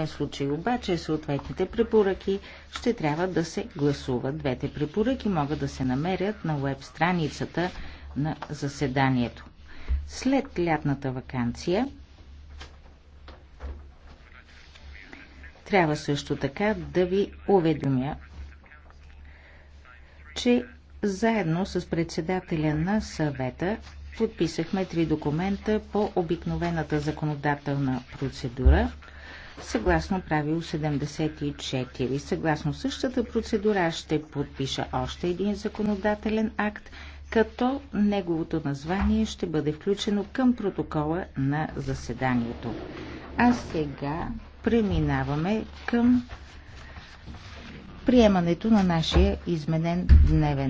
противен случай обаче е съответните препоръки ще трябва да се гласуват. Двете препоръки могат да се намерят на веб страницата на заседанието. След лятната вакансия трябва също така да ви уведомя, че заедно с председателя на съвета подписахме три документа по обикновената законодателна процедура – съгласно правило 74. Съгласно същата процедура ще подпиша още един законодателен акт, като неговото название ще бъде включено към протокола на заседанието. А сега преминаваме към приемането на нашия изменен дневен